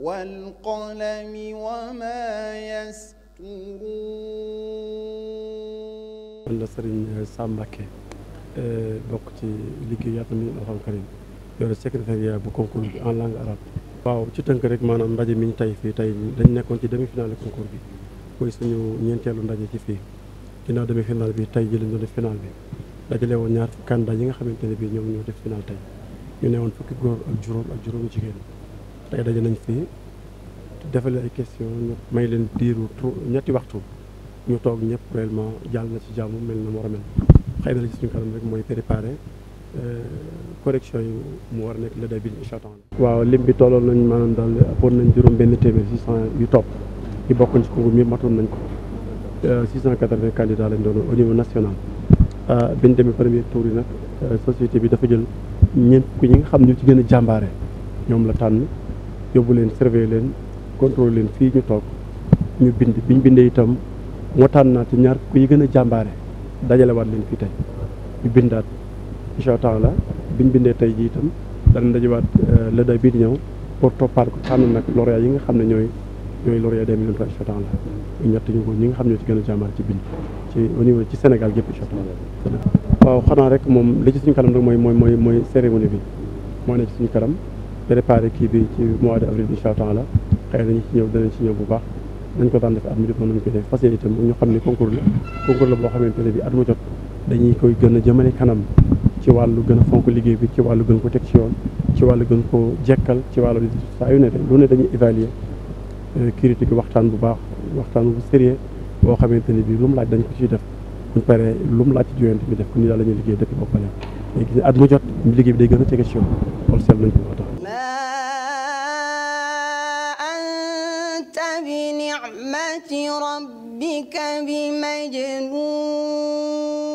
والقلم وما يسطرون man la Serigne Sam eh, ci liggéey Yaatal Mbindum Alxuraanul Kariim bu concours bi en langue waaw ci tënk rek maanaam ndaje mi ñu tey fii tey dañ nekkoon ci demi-finale concours bi mooy suñu ñeenteelu ndaje ci fii ginnaaw demi-finale bi tey jii lañ doon def finale bi dajale woon ñaar candidat yi nga xamante ne bii ñoom ñoo def finale tey ñu ne woon fukki góor ak juróom ak juróomi jigéen tey daje nañ fi defal ay question ñu may leen diiru ñetti waxtu ñu toog ñëpp réellement jàll na ci jàmm mel na mu war a mel xëy na la ci suñu kanam rek mooy préparé euh, correction yi mu war a nekk le début incha waaw lim bi tolloon nañ maanaam daal apoon nañ juróom benn téeméer cent yu topp yu bokkoon ci concours mi matoon nañ ko 680 euh, candidats lañ doon au niveau national euh, bañ demee premier tour yi nag société bi dafa jël ñeent ku ñi nga xam ñu ci gën jàmbaare ñoom la tànn. yóbbu leen surveiller leen contrôler leen fii ñu toog ñu bind biñ bindee itam motaan naa ci ñaar ku yi gën a jàmbaare dajalewaat leen fii tey ñu bindaat incha allah biñ bindee tey jii itam danañ dajewaat euh, le day bii di ñëw pour toppaat ko tànn nag lauréat yi nga xam ne ñooy ñooy lauréat deux mille vingt-trois incha allah ñett ñu ko ñi nga xam ñoo ci gën a jàmbaare ci bind ci au ci Sénégal gépp incha allah waaw xanaa rek moom li ci suñu kanam rek mooy mooy mooy mooy cérémonie bi moo ne ci suñu kanam préparé kii bi ci mois de avril incha allah xëy nañu ci ñëw danañ ci ñëw bu baax nañ ko daan def at mi def nañ ko def ñu xam ne concours la concours la boo xamante ne bi at mu jot dañuy koy gën a jëmale kanam ci wàllu gën a fonk liggéey bi ci wàllu gën ko teg ci yoon ci wàllu gën ko jekkal ci wàllu saa yu ne lu ne dañuy évaluer euh, critique waxtaan bu baax waxtaan bu sérieux boo xamante ni bi lu mu laaj dañ ko ciy def buñ paree lu mu laaj ci joyante bi def ko ni daal la ñuy liggéey def ba pare léegi at mu jot liggéey bi day gën a tege ci yoon loolu nañ ko moo tax بنعمة ربك بمجنون